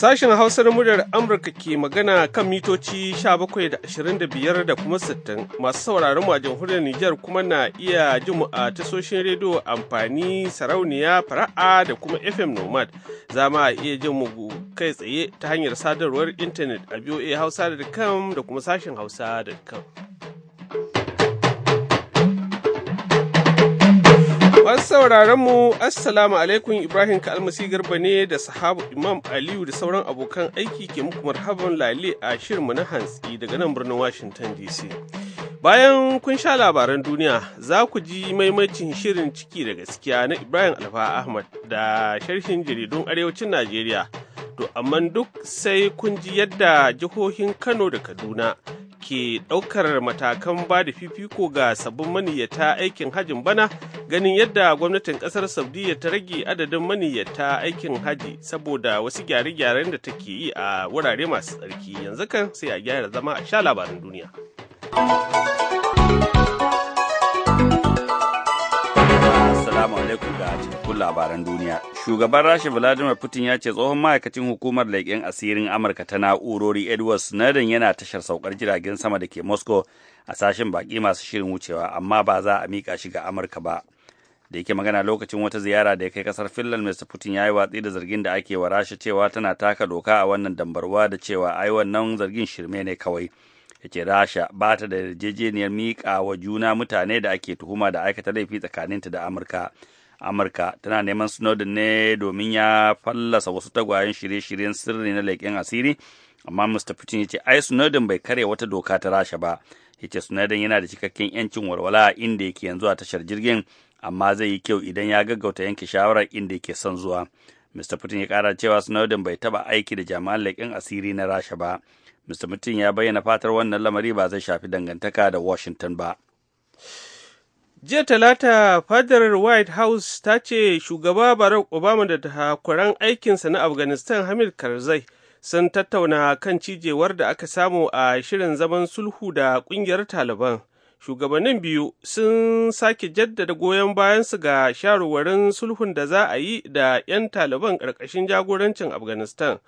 Sashen Hausar muryar Amurka ke magana kan mitoci 17.25 da da kuma 60 masu sauraron mu a jamhuriyar Nijar kuma na iya jin mu a tasoshin rediyo amfani sarauniya fara'a da kuma FM Nomad. Za ma a iya jin mu kai tsaye ta hanyar sadarwar intanet a hausa da kuma sashen kam. Masu sauraron mu Assalamu alaikum Ibrahim Kalmasi Garba ne da sahabu Imam Aliyu da sauran abokan aiki ke muku marhaban lale a shirinmu na hantsi daga nan birnin Washington DC. Bayan kun sha labaran duniya za ku ji maimacin shirin ciki da gaskiya na Ibrahim Alfa Ahmad da sharhin jaridun arewacin Najeriya. To amma duk sai kun ji yadda jihohin Kano da Kaduna ke ɗaukar matakan ba da fifiko ga sabbin maniyyata aikin hajin bana ganin yadda gwamnatin kasar saudiya ta rage adadin maniyyata aikin haji saboda wasu gyare-gyaren da take yi a wurare masu tsarki yanzu kan sai a gyara zama a sha labarin duniya Assalamu alaikum ga cikakkun labaran duniya. Shugaban Rasha Vladimir Putin ya ce tsohon ma'aikacin hukumar leƙen asirin Amurka ta na'urori Edward Snowden yana tashar saukar jiragen sama da ke Moscow a sashen baƙi masu shirin wucewa amma ba za a miƙa shi ga Amurka ba. da yake magana lokacin wata ziyara da ya kai kasar finland mr putin ya yi watsi da zargin da ake wa rasha cewa tana taka doka a wannan dambarwa da cewa ai wannan zargin shirme ne kawai ya rasha ba ta da yarjejeniyar miƙa wa juna mutane da ake tuhuma da aikata laifi tsakaninta da amurka amurka tana neman snowden ne domin ya fallasa wasu tagwayen shirye-shiryen sirri na leƙen asiri amma mr putin ya ce ai snowden bai kare wata doka ta rasha ba ya ce yana da cikakken yancin walwala inda yake yanzu a tashar jirgin amma zai yi kyau idan ya gaggauta yanke shawarar inda yake son zuwa mr putin ya kara cewa snowden bai taba aiki da jami'an laƙin asiri na rasha ba mr putin ya bayyana fatar wannan lamari ba zai shafi dangantaka da washington ba jiya talata fadar white house ta ce shugaba barack obama da takwaran aikinsa na afghanistan hamid karzai sun tattauna kan cijewar da aka samu a shirin zaman sulhu da ƙungiyar taliban shugabannin biyu sun sake jaddada goyon bayansu ga sharuwarin sulhun da za a yi da 'yan taliban ƙarƙashin jagorancin afghanistan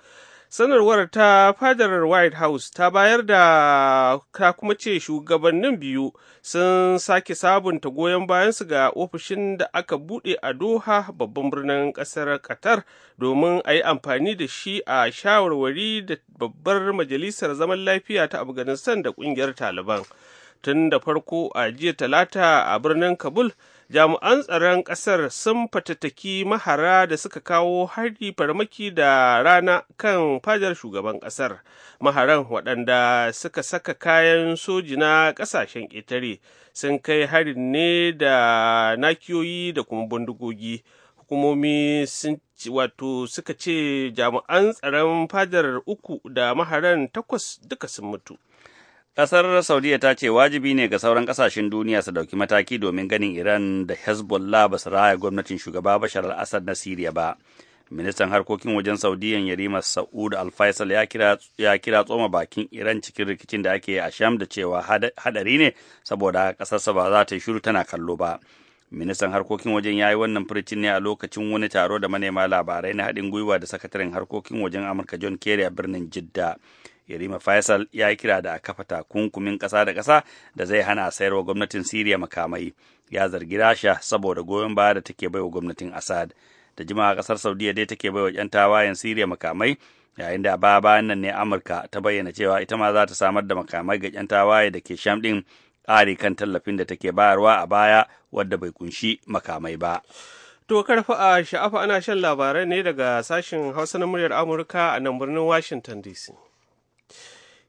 sanarwar ta fadar white house ta bayar da ta kuma ce shugabannin biyu sun sake sabunta goyon bayansu ga ofishin da aka bude a doha babban birnin ƙasar qatar domin a yi amfani da shi a shawarwari da babbar majalisar zaman lafiya ta afghanistan da ƙungiyar taliban tun da farko a jiya talata a birnin kabul jami'an tsaron ƙasar sun fatattaki mahara da suka kawo hari farmaki da rana kan fadar shugaban ƙasar maharan waɗanda suka saka kayan soji na ƙasashen ƙetare sun kai harin ne da nakiyoyi da kuma bindigogi hukumomi sun wato suka ce jami'an tsaron fadar uku da maharan takwas duka sun mutu Ƙasar Saudiya ta ce wajibi ne ga sauran kasashen duniya su dauki mataki domin ganin Iran da Hezbollah ba su raya gwamnatin shugaba Bashar al-Assad na Siriya ba. Ministan harkokin wajen saudiya Yarima Sa'ud Al-Faisal ya kira, ya kira tsoma bakin Iran cikin rikicin da ake a Sham da cewa hadari ne saboda ƙasarsa ba za ta yi shiru tana kallo ba. ministan harkokin wajen ya yi wannan furucin ne a lokacin wani taro da manema labarai na haɗin gwiwa da sakataren harkokin wajen amurka john kerry a birnin jidda Yarima Faisal ya yi kira da a kafa takunkumin ƙasa da ƙasa da zai hana sayarwa gwamnatin Siriya makamai. Ya zargi Rasha saboda goyon baya da take baiwa gwamnatin Assad. Da jima'a ƙasar Saudiya dai take baiwa 'yan tawayen Siriya makamai yayin da ba bayan nan ne Amurka ta bayyana cewa ita ma za ta samar da makamai ga 'yan tawaye da ke Sham ɗin ƙari kan tallafin da take bayarwa a baya wadda bai kunshi makamai ba. To karfa a sha'afa ana shan labarai ne daga sashen Hausa na muryar Amurka a nan birnin Washington DC.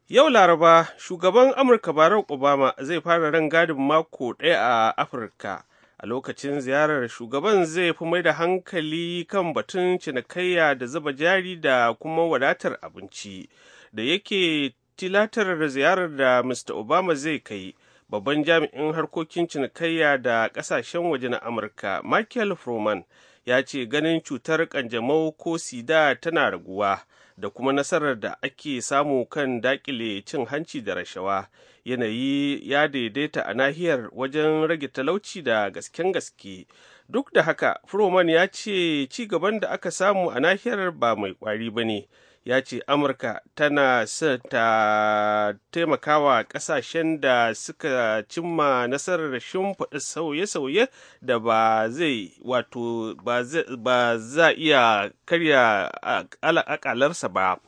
Yau Laraba, shugaban Amurka Barack Obama zai fara ran gadin mako ɗaya a Afirka. A lokacin ziyarar shugaban zai fi mai da hankali kan batun cinikayya da zuba jari da kuma wadatar abinci da yake tilatar ziyarar da Mr. Obama zai kai. Babban jami'in harkokin cinikayya da ƙasashen waje na Amurka, Michael Froman, ya ce ganin cutar ƙanjamau ko sida tana raguwa. da kuma nasarar da ake samu kan dakile cin hanci da rashawa yanayi ya daidaita a nahiyar wajen rage talauci da gasken gaske duk da haka furoman ya ce ci gaban da aka samu a nahiyar ba mai kwari ba ne ya ce amurka tana ta wa kasashen da suka cimma nasarar shimfiɗa sauye-sauye da ba zai wato ba za iya karya akalarsa ba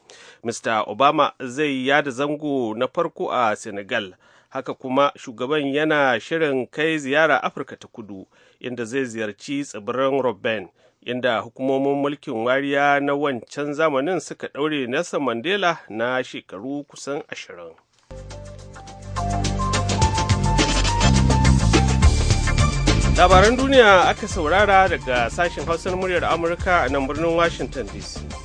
mr obama zai yada zango na farko a senegal haka kuma shugaban yana shirin kai ziyara afirka ta kudu inda zai ziyarci tsibirin robben inda hukumomin mulkin wariya na wancan zamanin suka ɗaure Nelson Mandela na shekaru kusan ashirin. Labaran duniya aka saurara daga sashen hausar muryar Amurka a nan birnin Washington DC.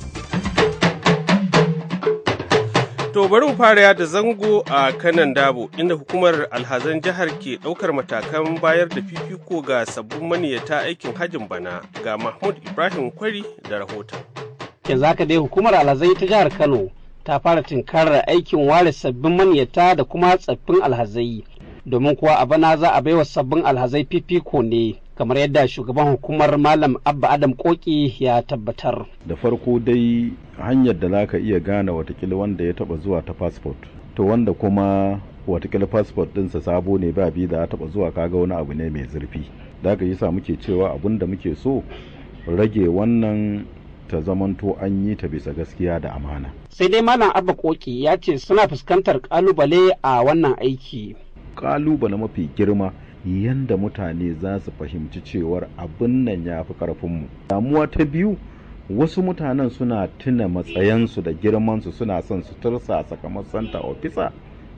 To bari mu fara yada zango a kanan dabo inda hukumar alhazan jihar ke ɗaukar matakan bayar da fifiko ga sabbin maniyata aikin hajin bana ga Mahmud Ibrahim Kwari da rahoton. za ka dai hukumar alhazai ta jihar Kano ta fara tinkarar aikin ware sabbin maniyata da kuma tsaffin alhazai domin kuwa a bana za a baiwa sabbin alhazai fifiko ne kamar yadda shugaban hukumar malam abba adam koki ya tabbatar da farko dai hanyar da zaka iya gane watakila wanda ya taba zuwa ta fasfot to wanda kuma watakila fasfot dinsa sabo ne ba bi da ya taba zuwa kaga wani abu ne mai zurfi daga ka yasa muke cewa abun da muke so rage wannan ta zamanto an yi ta bisa gaskiya da amana sai dai malam abba koki ya ce suna fuskantar kalubale a wannan aiki kalubale mafi girma yanda mutane za su fahimci cewar abin nan ya fi ƙarfinmu damuwa ta biyu wasu mutanen suna tuna matsayansu da girmansu suna son su tursa kamar santa ofisa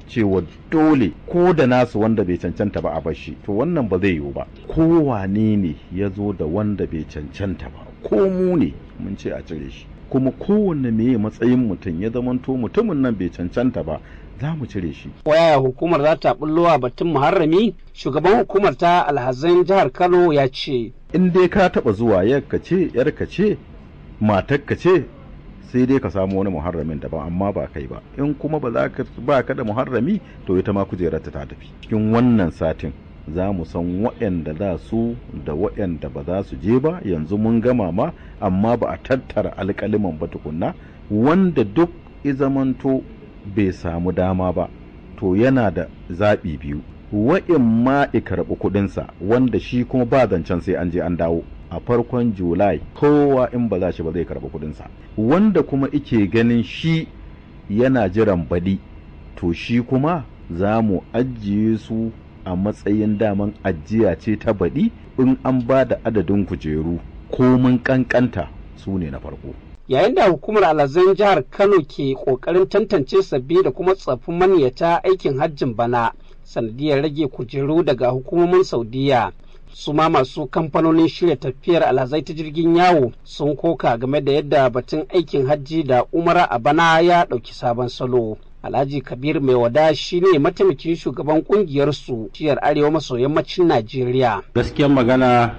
cewa dole ko da nasu wanda bai cancanta ba a bashi to wannan ba zai yiwu ba kowane ne ya zo da wanda bai cancanta ba ko mu ne mun ce a cire shi kuma kowanne mai matsayin mutum ya zamanto mutumin nan bai cancanta ba za mu cire shi. Waya hukumar za ta bullowa batun muharrami shugaban hukumar ta alhazan jihar Kano ya ce. In dai ka taɓa zuwa yarka ce yarka ce matarka ce sai dai ka samu wani muharramin daban amma ba kai ba in kuma ba za ka ba ka da muharrami to ita ma kujerarta ta tafi cikin wannan satin za mu san waɗanda za su da waɗanda ba za su je ba yanzu mun gama ma amma ba a tattara alƙaliman ba tukunna wanda duk izamanto bai samu dama ba to yana da zaɓi biyu wa'in ma i karɓi kuɗinsa wanda shi kuma ba zancen sai an je an dawo a farkon julai kowa in ba za shi ba zai karɓi kuɗinsa wanda kuma ike ganin shi yana jiran baɗi to shi kuma za mu ajiye su a matsayin daman ajiya ce ta baɗi in an ba da adadin kujeru komin ƙanƙanta su ne na farko yayin da hukumar alazan jihar kano ke kokarin tantance sabbi da kuma tsafin maniyata aikin hajjin bana sanadiyar rage kujeru daga hukumomin saudiya su ma masu kamfanonin shirya tafiyar alhazai ta jirgin yawo sun koka game da yadda batun aikin hajji da umara a bana ya ɗauki sabon salo alhaji kabir mai wada shine mataimakin shugaban kungiyar su ciyar arewa maso yammacin najeriya gaskiyar magana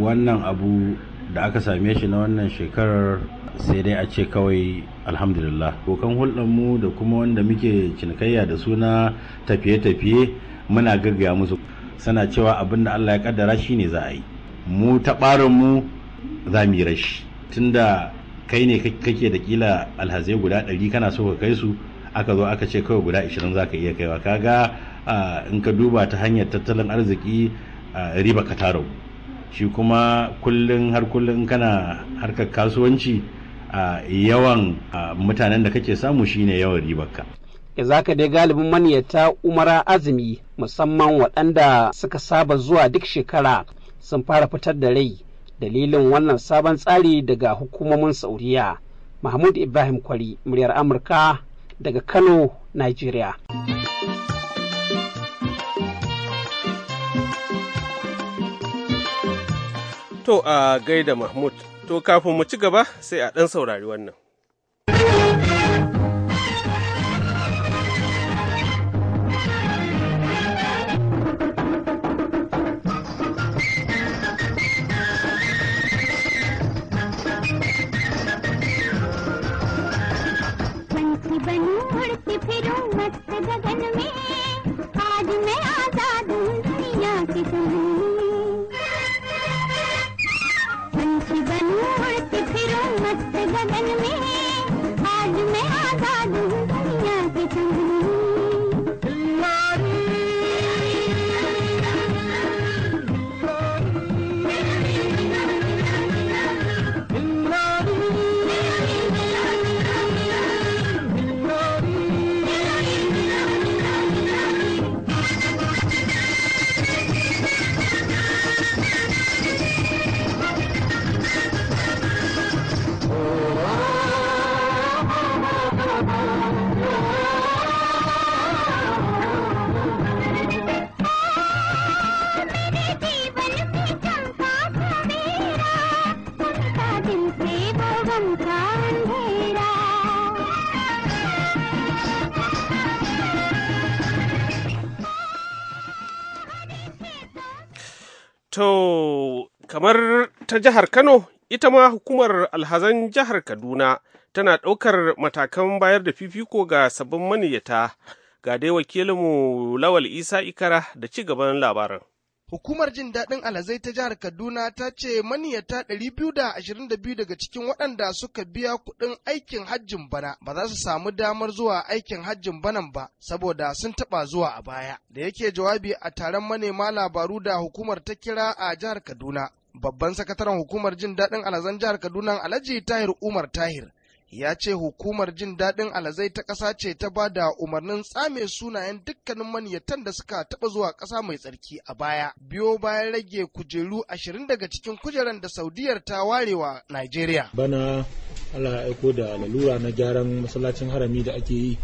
wannan abu da aka same shi na wannan shekarar sai dai a ce kawai alhamdulillah kokan hulɗarmu da kuma wanda muke cinikayya da suna tafiye-tafiye muna gaggaya musu suna cewa abin da allah ya kaddara shi ne za a yi mu ta mu za mu yi rashi tunda kai ne kake da kila alhazai guda ɗari kana so ka kai su aka zo aka ce kawai guda ishirin za ka iya kaiwa kaga in ka duba ta hanyar tattalin arziki riba ka taro shi kuma kullum har kullum kana harkar kasuwanci yawan mutanen da kake samu shine yawan ribarka ka dai galibin maniyata umara azumi musamman waɗanda suka saba zuwa duk shekara sun fara fitar da rai dalilin wannan sabon tsari daga hukumomin sauriya mahmud ibrahim kwari muryar amurka daga kano nigeria to a gaida mahmud To kafin mu ci gaba sai a ɗan saurari wannan. फिरूं मस्त गगन में लगन में ta jihar Kano, ita ma hukumar alhazan jihar Kaduna tana ɗaukar matakan bayar da fifiko ga sabbin maniyyata. Ga dai wakilinmu Lawal Isa Ikara da ci gaban labarin. Hukumar jin daɗin alhazai ta jihar Kaduna ta ce maniyata 222 daga cikin waɗanda suka biya kuɗin aikin hajjin bana ba za su samu damar zuwa aikin hajjin banan ba saboda sun taɓa zuwa a baya. Da yake jawabi a taron manema labaru da hukumar ta kira a jihar Kaduna, babban sakataren hukumar jin daɗin alazan jihar kaduna alhaji tahir umar tahir ya ce hukumar jin daɗin alazai ta ƙasa ce ta ba da umarnin tsame sunayen dukkanin manyatan da suka taɓa zuwa ƙasa mai tsarki a baya biyo bayan rage kujeru ashirin daga cikin kujeran da saudiyar ta warewa Najeriya. bana allah aiko da lalura na gyaran masallacin harami da ake yi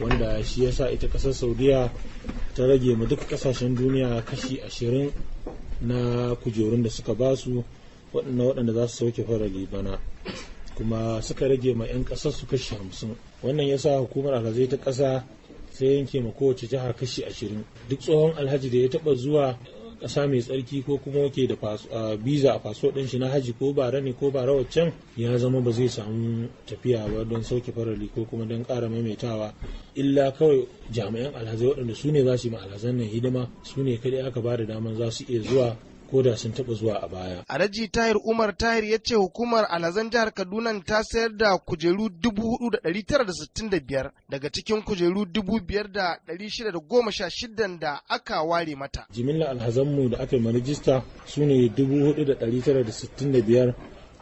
wanda shi yasa ita ƙasar saudiya ta rage ma duk ƙasashen duniya kashi ashirin na kujerun da suka basu waɗanda waɗanda za su sauke fara bana kuma suka rage ma 'yan ƙasar su kashi hamsin wannan ya sa hukumar alhazai ta ƙasa sai yanke ma kowace jihar kashi ashirin duk tsohon alhaji da ya taɓa zuwa ƙasa mai tsarki ko kuma wake da biza a faso ɗin shi na haji ko bara ne ko bara waccan ya zama ba zai samu tafiya ba don sauke farali ko kuma don ƙara maimaitawa illa kawai jami'an alhazai waɗanda su ne za su yi ma alhazan nan hidima su ne kaɗai aka ba da daman za su iya zuwa ko da sun taɓa zuwa a baya. Alhaji Tahir Umar Tahir ya ce hukumar alhazan jihar Kaduna ta sayar da kujeru biyar daga cikin kujeru shida da aka ware mata. Jimillar alhazanmu da aka yi marijista su ne biyar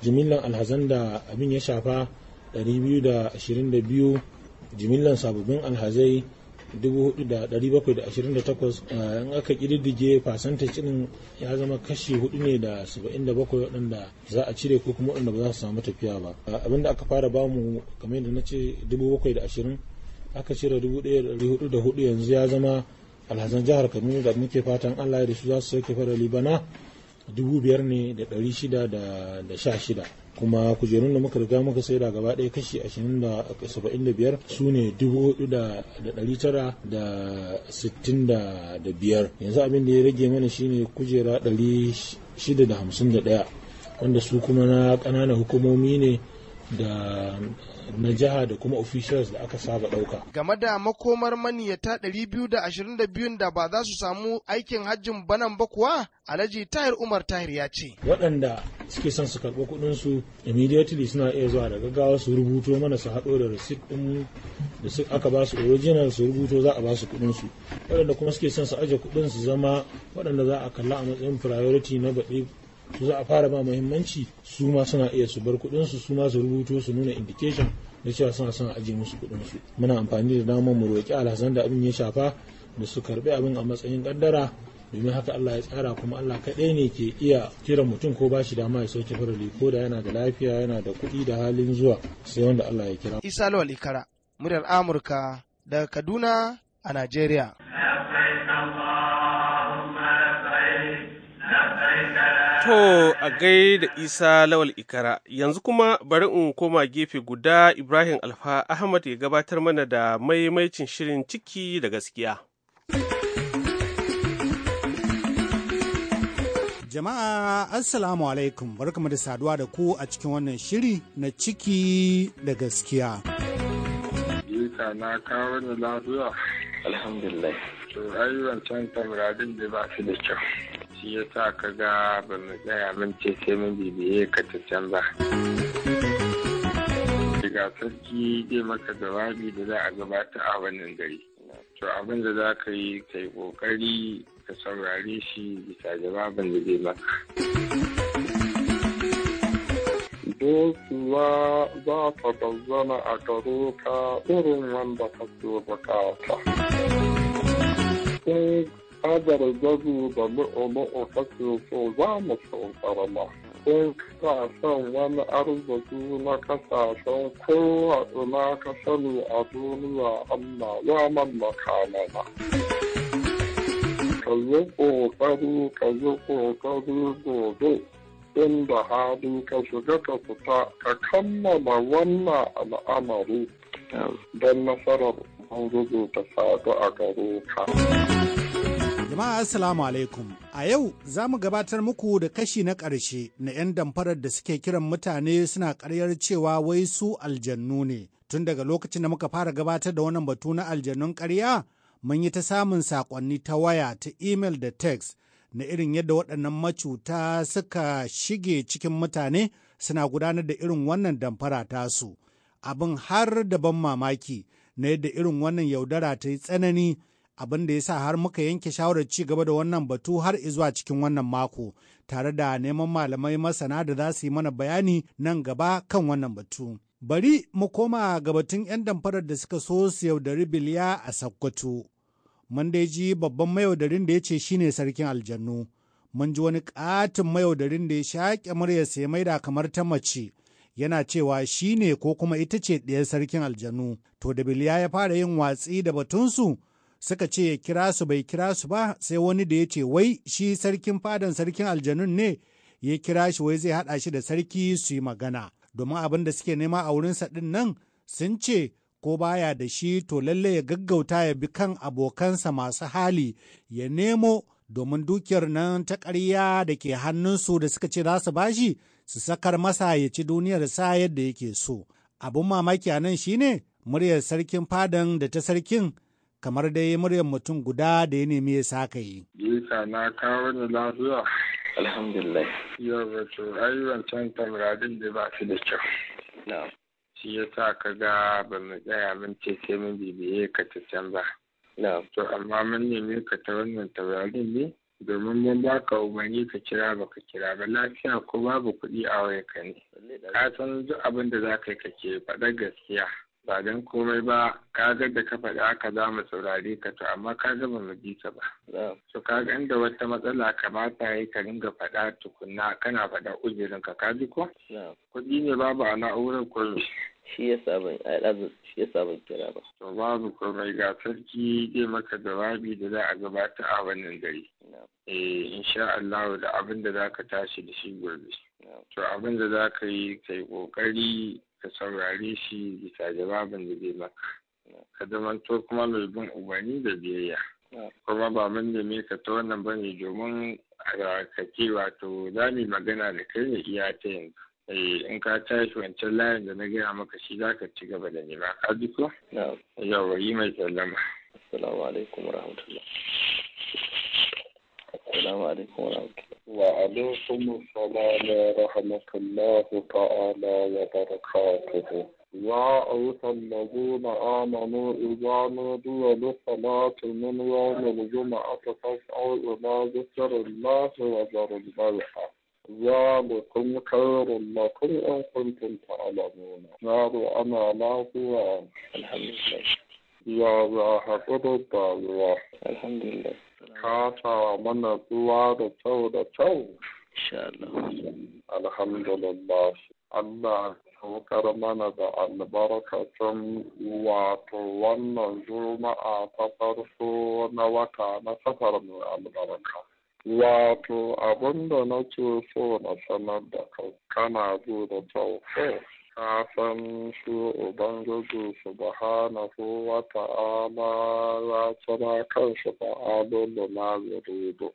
jimillar alhazan da abin ya shafa biyu jimillar sababbin alhazai 4,728 eh, in aka kididdige fasanta din ya zama kashi hudu ne da 77 waɗanda za a cire ko kuma waɗanda ba za su samu tafiya ba eh, abinda aka fara bamu kamar yadda na ce 720 aka cire 1,404 yanzu ya zama alhazan jihar kaduna da muke fatan allah ya da su za su sauke fara libana dubu biyar ne da shida da sha shida kuma kujerun da muka riga muka saida gaba ɗaya kashi ashirin da saba'in da biyar su ne dubu da tara da sittin da biyar yanzu abin da ya rage mana shine kujera 651 shida da hamsin da ɗaya wanda su kuma na ƙananan hukumomi ne da na jiha da kuma officials da aka saba ɗauka. Game da makomar maniyata 222 da ba za su samu aikin hajjin banan ba kuwa Alhaji Tahir Umar Tahir ya ce. Waɗanda suke son su karɓi kuɗinsu immediately suna iya zuwa da gaggawa su rubuto mana su haɗo da receipt ɗin da su aka ba su original su rubuto za a ba su kuɗinsu. Waɗanda kuma suke son su aje kuɗin su zama waɗanda za a kalla a matsayin priority na baɗi su za a fara ba muhimmanci su ma suna iya su bar kuɗin su su ma su rubuto su nuna indication da cewa suna son aje musu kuɗin su muna amfani da naman mu roƙi alhazan da abin ya shafa da su karɓi abin a matsayin kaddara domin haka Allah ya tsara kuma Allah kaɗai ne ke iya kiran mutum ko ba shi dama ya sauke farali ko da yana da lafiya yana da kuɗi da halin zuwa sai wanda Allah ya kira. Isa Lawal Ikara, muryar Amurka daga Kaduna a Najeriya. To a gaida Isa Lawal Ikara, yanzu kuma bari in koma gefe guda Ibrahim Alfa Ahmad ya gabatar mana da maimaicin shirin ciki da gaskiya. Jama'a Assalamu alaikum barkamu da saduwa da ku a cikin wannan shiri na ciki da gaskiya. Jika na kawo da lafiya. Alhamdulillah. To ayyukan can tamaradin da ba su da kyau. shi ya sa ka ga ba mu tsaya mun ce sai mun bibiye ka ta canza. Daga sarki zai maka jawabi da za a gabata a wannan gari. To abin da za ka yi ka yi ƙoƙari ka saurare shi bisa jawabin da zai maka. dosuwa za ta bazzana a garo ka irin wanda ka so bukata. Padre gazuda mu'umu'u kake so za mu saukar ma. Kun ka wani arziki na kasashen kowa na ka sani a duniya Allah ya mallaka mana. ka yi ƙoƙari ka yi ƙoƙari gobe inda ka shiga ka fita ka kammala wannan al'amari don nasarar an ta sadu a gare ka. Jama'a Assalamu alaikum. A yau za mu gabatar muku da kashi na ƙarshe na 'yan damfarar da suke kiran mutane suna karyar cewa wai su aljannu ne. Tun daga lokacin da muka fara gabatar da wannan batu na aljannun karya? mun yi ta samun saƙonni ta waya ta email da text na irin yadda waɗannan macuta suka shige cikin mutane suna gudanar da irin wannan damfara tasu. Abin har da ban mamaki na yadda irin wannan yaudara ta yi tsanani. abin da ya sa har muka yanke shawarar ci gaba da wannan batu har zuwa cikin wannan mako tare da neman malamai masana da za su yi mana bayani nan gaba kan wannan batu. Bari mu koma ga batun 'yan damfarar da suka so su yaudari biliya a Sokoto. Mun dai ji babban mayaudarin da ya ce shine sarkin aljannu. Mun ji wani katin mayaudarin da ya shaƙe muryar sai maida kamar ta mace. yana cewa shi ne ko kuma ita ce ɗaya sarkin aljannu to da biliya ya fara yin watsi da batunsu suka ce ya kira su bai kira su ba sai wani da ya ce wai shi sarkin fadan sarkin aljanun ne ya kira shi wai zai haɗa shi da sarki su yi magana domin abin da suke nema a wurinsa ɗin nan sun ce ko baya da shi to lalle ya gaggauta ya bi kan abokansa masu hali ya nemo domin dukiyar nan ta ƙarya da ke hannunsu da suka ce za su bashi su sakar masa ya ci duniyar sa yadda yake so abin mamaki a nan shine muryar sarkin fadan da ta sarkin kamar dai muryar mutum guda da ya nemi ya sa ka yi. Jika na kawo ni lafiya. Alhamdulillah. Yau wato ai wancan tamradin da ba su da kyau. Shi ya sa ka ga ba mu tsaya mun ce sai mun bibiye ka ta can ba. To amma mun nemi ka ta wannan tamradin ne domin mun ba ka umarni ka kira ba ka kira ba lafiya ko babu kuɗi a wayarka ne. Ka san duk abin da za ka yi ka ke faɗa gaskiya. ba don komai ba ka kaga da ka faɗi aka za mu saurare ka to amma ka ga ba mu ji ta ba to ka ga inda wata matsala kamata ya yi ka ringa faɗa tukunna kana faɗa uzurin ka ka ji ko kuɗi ne babu a na'urar ko shi ya sabon shi ya sabon kira ba to babu komai ga sarki zai maka jawabi da za a gabata a wannan gari eh insha Allah da abin da ka tashi da shi gobe to abin da kayi yi kai kokari ka saurare shi bisa jawabin da zai maka ka zamanto kuma mai bin da biyayya kuma ba mun me ka ta wannan ba ne domin ka ce wato za mu magana da kai ne iya ta yanzu eh, in ka tashi wancan layin da na gaya maka shi za ka ci gaba da nema ka ji ko yawa yi mai sallama assalamu alaikum warahmatullahi السلام عليكم ورحمة الله وعليكم السلام ورحمة الله تعالى وبركاته يا أيها الذين آمنوا إذا نودي للصلاة من يوم الجمعة فاسعوا إلى ذكر الله وذروا البيع ذلكم خير لكم إن كنتم تعلمون نار أنا لا هو الحمد لله يا ذا حفظ الحمد لله قاطع الله ثورته إن شاء Allah saukar mana da albarkacin wato wannan juma'a ta farko na wata na safar mai albarka. Wato abinda nake so na sanar da kana zo da tauhid kafan su Ubangiji subhanahu wa ta'ala ya tsara kansa fa'adun da na yarido.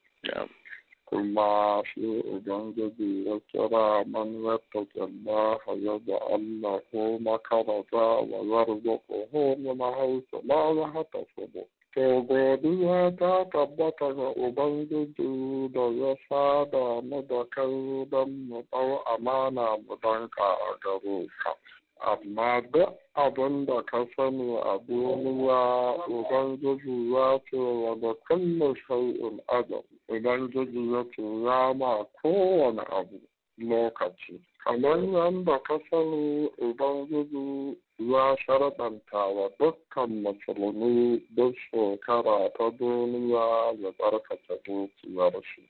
Kuma shi Ubangiji ya tsara man yadda jalla ya da Allah ko makarata wa zarzuku ko na hausa la ya To godiya ta tabbata ga Ubangiji da ya sada mu da kai don mu ɗau amana mu danka a gare ka. Amma duk abin da ka sani a duniya Ubangiji ya ce wa da kulle shay'in adam. Ubangiji ya ce ya ma kowane abu lokaci. Kamar yadda ka sani Ubangiji ya sharaɗanta wa dukkan musulmi duk shekara ta duniya ya tsarkake dukiyar shi.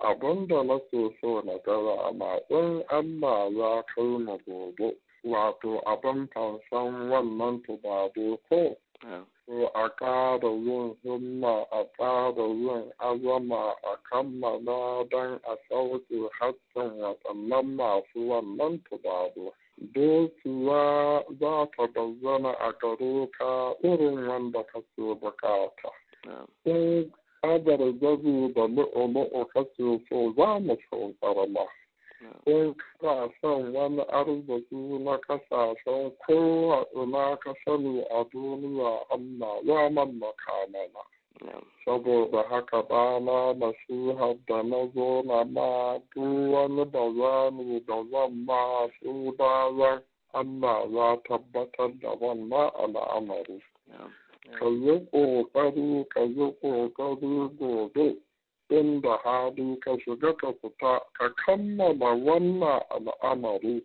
Abin da nake so na gaba ma in Allah ya kai mu gobe, wato abin fansan wannan tubado ko Ko a ƙara yin himma a ƙara yin azama a kammala don a sauke haƙƙin waɗannan masu wannan tubado. dokiya za ta bazzana a gare ka irin wanda kake bukata. In kadar zazu da lu'ulu'u kake so za mu saukar ma. In kana son wani arziki na kasashen kowa ina ka sani a duniya Allah ya mallaka mana. saboda haka ɗana na shuhar da na zo na ma duk wani bazanu da zan ma su bazan Allah ya tabbatar da wannan al'amari. Ka yi ƙoƙari, ka yi ƙoƙari gobe, inda hali ka shiga ka fita, ka kammala wannan al'amari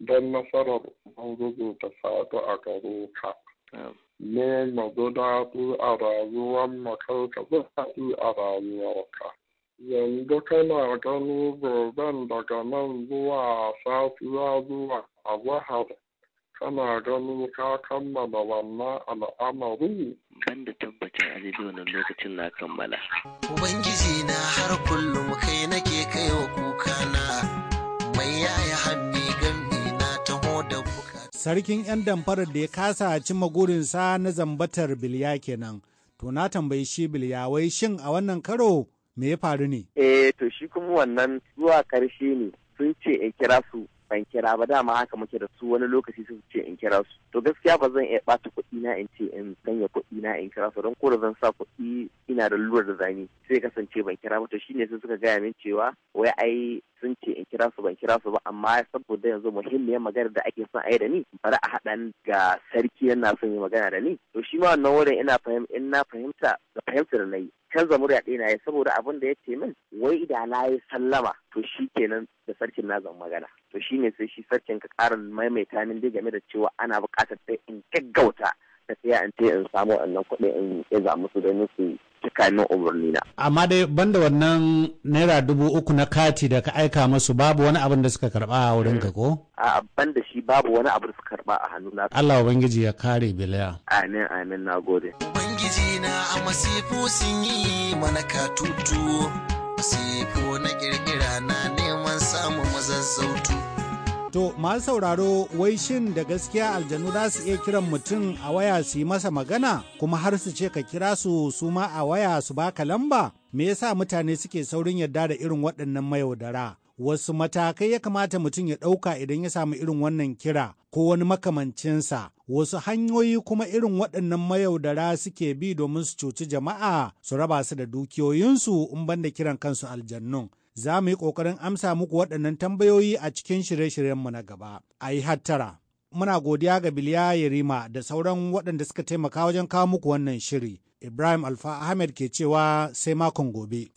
don nasarar Ubangiji ta sadu a gare ka. ne mu a rayuwar mu kai ka a rayuwarka. Yanzu kana gani goben daga nan zuwa safiya zuwa a azahar kana gani ka kammala wannan al'amari. Kan da tabbacin a wannan lokacin na kammala. Ubangiji na har kullum. sarkin 'yan damfarar da ya kasa cimma gurinsa na zambatar bilya kenan to na tambayi shi bilya wai shin a wannan karo me ya faru ne eh to shi kuma wannan zuwa karshe ne sun ce in kira su ban kira ba dama haka muke da su wani lokaci su ce in kira su to gaskiya ba zan iya bata kuɗi na in ce in sanya kuɗi na in kira su don ko da zan sa kuɗi ina da lura da zani sai kasance ban kira ba to shine sai suka gaya min cewa wai ai sun ce in kira su ban kira su ba amma saboda yanzu muhimmiyar magana da ake son ayi da ni bari a haɗa ga sarki yana son yi magana da ni to shi ma wannan wurin ina na fahimta da fahimtar na yi canza murya ɗina ya saboda abin da ya ce min wai idan na yi sallama to shi kenan da sarkin na zan magana to shi ne sai shi sarkin ka ƙarin maimaita min dai game da cewa ana buƙatar sai in gaggauta ta tsaya in ce in samu wannan kuɗi in ya musu don su cika min umarni na. Amma dai banda wannan naira dubu uku na kati da ka aika masu babu wani abin da suka karba a wurin ka ko? A da shi babu wani abin da suka karba a hannu na. Allah Ubangiji ya kare bilaya. Amin amin na gode. Ubangiji na a masifu sun yi mana katutu. Masifu na kirkira na neman samun sautu. To masu sauraro wai shin da gaskiya aljanu za su iya kiran mutum a waya su yi masa magana kuma har su ce ka kira su su ma a waya su ba ka lamba? Me yasa mutane suke saurin yarda da irin waɗannan mayaudara? Wasu matakai ya kamata mutum ya ɗauka idan ya samu irin wannan kira ko wani makamancinsa. wasu hanyoyi kuma irin waɗannan mayaudara suke bi domin su cuci jama'a su raba su da dukiyoyinsu in banda kiran kansu aljannun. za mu yi ƙoƙarin amsa muku waɗannan tambayoyi a cikin shirye-shiryenmu na gaba. A yi hattara. Muna godiya ga Biliya Yarima da sauran waɗanda suka taimaka wajen kawo muku wannan shiri. Ibrahim Alfa Ahmed ke cewa sai makon gobe.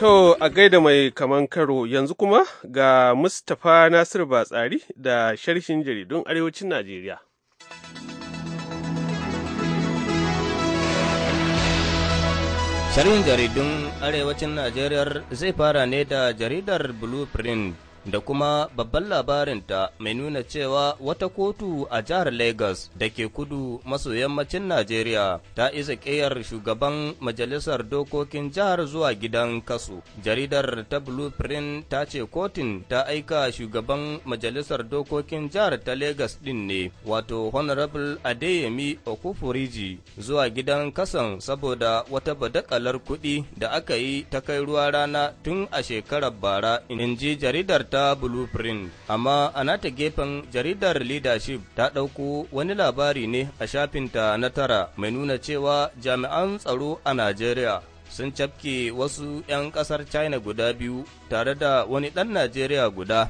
To a gaida mai kaman karo yanzu kuma ga Mustapha Nasiru Batsari da sharhin jaridun Arewacin Najeriya. Sharhin jaridun Arewacin Najeriya zai fara ne da jaridar Blueprint da kuma babban labarinta mai nuna cewa wata kotu a jihar Lagos da ke kudu maso yammacin Najeriya ta isa ƙeyar shugaban majalisar dokokin jihar zuwa gidan kasu. Jaridar ta Blueprint ta ce kotun ta aika shugaban majalisar dokokin jihar ta Lagos ɗin ne, wato Honorable Adeyemi Okuforiji zuwa gidan kasan saboda wata badakalar kuɗi da aka yi ta kai ruwa rana tun a shekarar bara, in ji jaridar ta ta blueprint amma a nata gefen jaridar leadership ta ɗauko wani labari ne a shafinta na tara mai nuna cewa jami'an tsaro a najeriya sun cafke wasu 'yan ƙasar china guda biyu tare da wani ɗan najeriya guda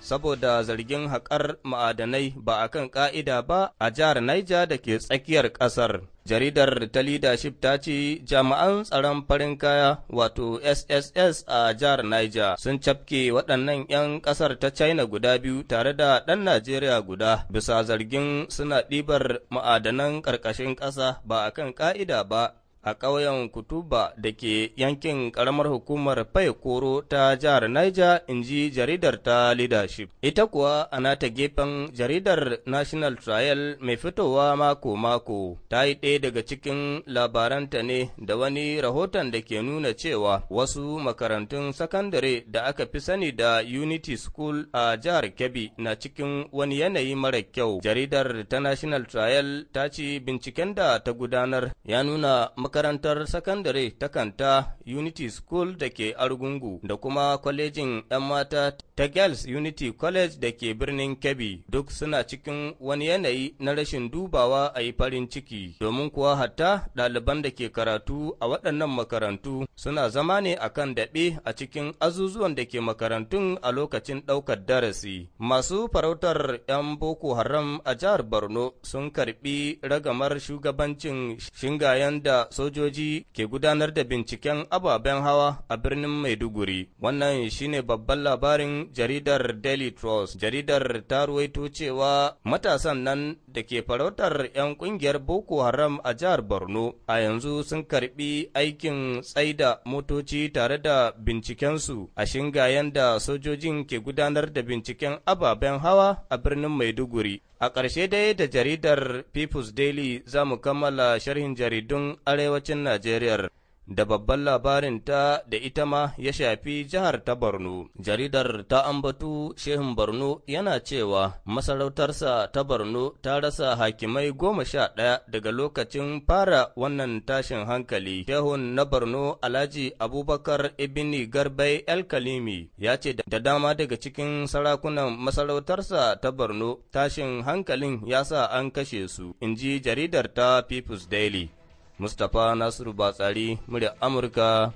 saboda zargin haƙar ma'adanai ba a kan ƙa'ida ba a jihar Niger da ke tsakiyar ƙasar. Jaridar ta leadership ta ce jami'an tsaron farin kaya wato SSS a jihar Niger sun cafke waɗannan 'yan ƙasar ta China guda biyu tare da ɗan Najeriya guda bisa zargin suna ɗibar ma'adanan ƙarƙashin ƙasa ba a kan ƙa'ida ba a ƙauyen Kutuba da ke yankin ƙaramar hukumar fai koro ta jihar Niger in ji jaridar ta leadership. Ita kuwa ana ta gefen jaridar National Trial mai fitowa mako-mako ta yi ɗaya daga cikin labaranta ne da wani rahoton da ke nuna cewa wasu makarantun sakandare da aka fi sani da Unity School a jihar Kebbi na cikin wani yanayi mara kyau. Jaridar ta National Trial ta ci binciken da ta gudanar ya nuna makarantun makarantar sakandare ta kanta Unity School da ke Argungu da kuma kwalejin 'yan mata ta Girls Unity College da ke birnin Kebbi duk suna cikin wani yanayi na rashin dubawa a yi farin ciki, domin kuwa hatta ɗaliban da ke karatu a waɗannan makarantu suna zama ne a kan daɓe a cikin azuzuwan da ke makarantun a lokacin ɗaukar darasi. Masu farautar 'yan Boko Haram a jihar Borno sun karɓi ragamar shugabancin shingayen da sojoji ke gudanar da binciken ababen hawa a birnin Maiduguri. Wannan shine babban labarin jaridar Daily Trust, jaridar ta ruwaito cewa matasan nan da ke farautar 'yan ƙungiyar Boko Haram a jihar Borno a yanzu sun karbi aikin tsaida motoci tare da bincikensu a shingayen da sojojin ke gudanar da binciken ababen hawa a birnin Maiduguri. A ƙarshe dai da jaridar People's Daily za mu kammala sharhin jaridun Arewacin Najeriya. da babban labarin ta da ita ma ya shafi jihar ta Borno. Jaridar ta ambatu Shehin Borno yana cewa masarautarsa ta Borno ta rasa hakimai goma sha ɗaya daga lokacin fara wannan tashin hankali. Shehun na Borno Alhaji Abubakar Ibini Garbai El Kalimi ya ce da dama daga cikin sarakunan masarautarsa ta Borno tashin hankalin ya sa an kashe su, in ji jaridar ta People's Daily. Mustapha Nasiru Batsari murya Amurka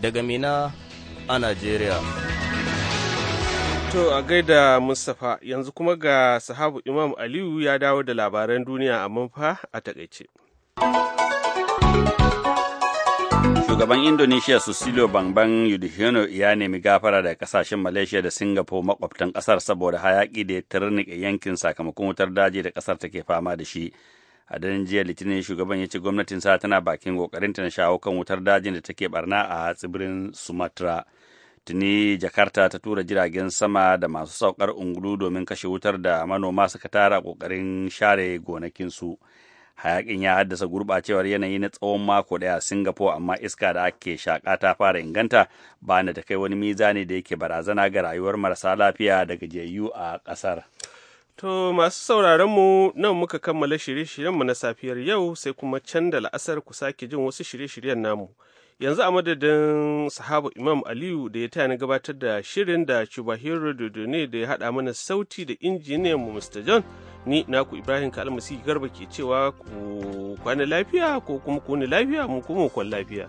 daga Mina a Najeriya. To a gaida Mustapha yanzu kuma ga sahabu Imam Aliyu ya dawo da labaran duniya a manfa a takaice. Shugaban Indonesia Susilo Bambang Yudhoyono ya nemi gafara daga kasashen Malaysia da Singapore makwabtan kasar saboda hayaki da ya tarnike yankin sakamakon wutar daji da kasar take fama da shi. a daren jiya litinin shugaban ya ce gwamnatin sa tana bakin kokarinta na shawo kan wutar dajin da take barna a tsibirin sumatra tuni jakarta ta tura jiragen sama da masu saukar ungulu domin kashe wutar da manoma suka tara kokarin share gonakinsu hayakin ya haddasa gurbacewar yanayi na tsawon mako daya a singapore amma iska da ake shaka ta fara inganta ba da ta kai wani mizani da yake barazana ga rayuwar marasa lafiya da gajiyayyu a kasar To masu mu nan muka kammala shirye-shiryenmu na safiyar yau sai kuma can da la'asar ku sake jin wasu shirye-shiryen namu. Yanzu a madadin sahaba Imam Aliyu da ya tani gabatar da shirin da Radio ne da ya haɗa mana sauti da injiniyan mu Mr. John ni naku Ibrahim Kalmasi Garba ke cewa ku kwana lafiya ko kuma ku lafiya mu kuma kwan lafiya.